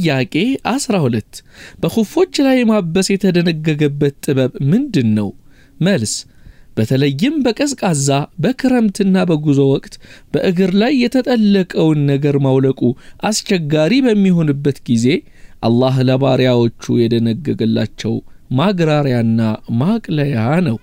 ጥያቄ 12 በኹፎች ላይ ማበስ የተደነገገበት ጥበብ ምንድን ነው? መልስ በተለይም በቀዝቃዛ በክረምትና በጉዞ ወቅት በእግር ላይ የተጠለቀውን ነገር ማውለቁ አስቸጋሪ በሚሆንበት ጊዜ አላህ ለባሪያዎቹ የደነገገላቸው ማግራሪያና ማቅለያ ነው።